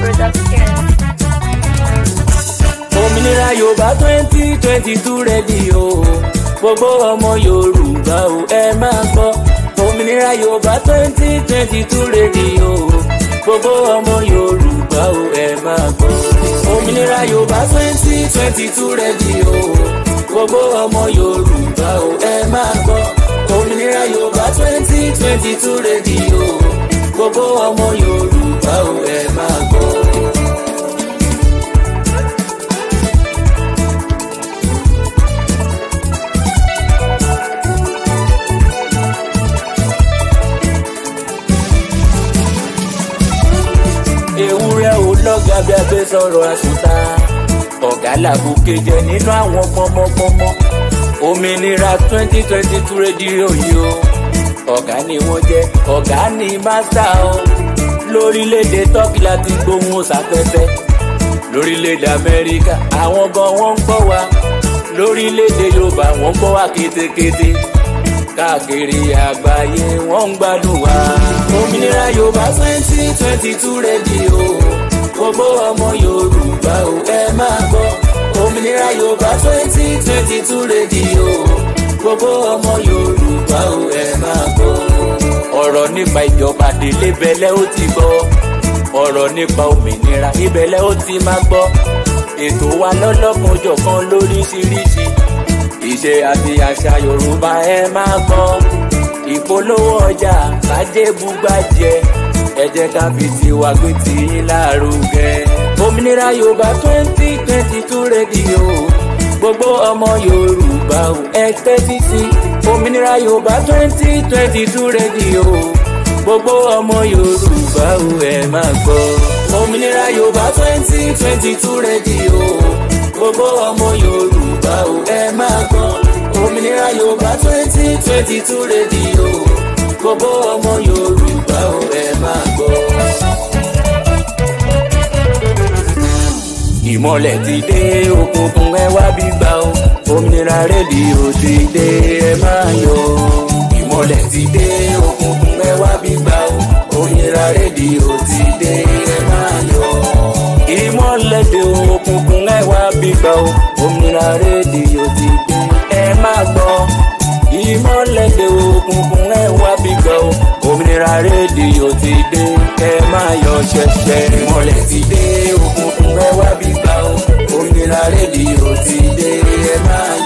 production. òmìnira yorùbá twenty twenty two rẹ́díò gbogbo ọmọ yorùbá o ẹ máa gbọ́ òmìnira yorùbá twenty twenty two rẹ́díò gbogbo ọmọ yorùbá o ẹ máa gbọ́ òmìnira yorùbá twenty twenty two rẹ́díò gbogbo ọmọ yorùbá o ẹ máa gbọ́ òmìnira yorùbá twenty twenty two rẹ́díò gbogbo ọmọ yorùbá o ẹ. ewúrẹ́ ò lọ́gàá bí a fẹ́ sọ̀rọ̀ àṣùtà ọ̀gá làbùkè jẹ nínú àwọn pọmọpọmọ òmìnira twenty twenty two rédíò yìí o ọ̀gá ni wọ́n jẹ́ ọ̀gá ni màsà o lórílẹ̀‐èdè turkey láti gbóhùn sáfẹ́fẹ́ lórílẹ̀‐èdè amẹ́ríkà àwọn gan wọ́n ń gbọ́ wa lórílẹ̀‐èdè yorùbá wọ́n ń gbọ́ wa kétékété káàkiri àgbáyé wọ́n ń gbádùn wa. òmìnira yorùbá twenty twenty two rédíò gbogbo ọmọ yorùbá ò ẹ máa gbọ́. òmìnira yorùbá twenty twenty two rédíò gbogbo ọmọ yorùbá ò ẹ máa gbọ́. ọ̀rọ̀ nípa ìjọba délé bẹ́lẹ́ ó ti gbọ́ ọ̀rọ̀ nípa òmìnira ibẹ̀lẹ́ ó ti máa gbọ́ ètò wa lọ́lọ́kan jọ̀kan lóríṣiríṣi ìṣe àti àṣà yorùbá ẹ máa gbọ́ ìpolówó ọjà bàdébùgbàjẹ ẹ jẹ́ ká fi tiwa gbé tì í lárugẹ. òmìnira yorùbá twenty twenty two rédíò gbogbo ọmọ yorùbá ò ẹ tẹ́tí sí òmìnira yorùbá twenty twenty two rédíò gbogbo ọmọ yorùbá ò ẹ máa gbọ́. òmìnira yorùbá twenty twenty two rédíò gbogbo ọmọ yorùbá ò ẹ máa gbọ́ òmìnira yorùbá twenty twenty two rédíò gbogbo ọmọ yorùbá ò ẹ máa gbọ́. ìmọ̀lẹ̀ ti dé òkùnkùn ẹ wá bí gbà ó òmìnira rédíò ti dé ẹ máa yọ̀ ìmọ̀lẹ̀ ti dé òkùnkùn ẹ wá bí gbà ó òmìnira rédíò ti dé ẹ máa yọ̀ ìmọ̀lẹ̀ dé òkùnkùn ẹ wá bí gbà ó òmìnira rédíò ti dé ẹ máa gbọ́ ìmọ̀lẹ̀ dèrò òkùnkùn ẹ wá bí gbọ́ òmìnira rédíò ti dé ẹ máa yọ ṣẹ̀ṣẹ̀. ìmọ̀lẹ̀ ti dé òkùnkùn ẹ wá bí gbọ́ òmìnira rédíò ti dé ẹ máa yọ.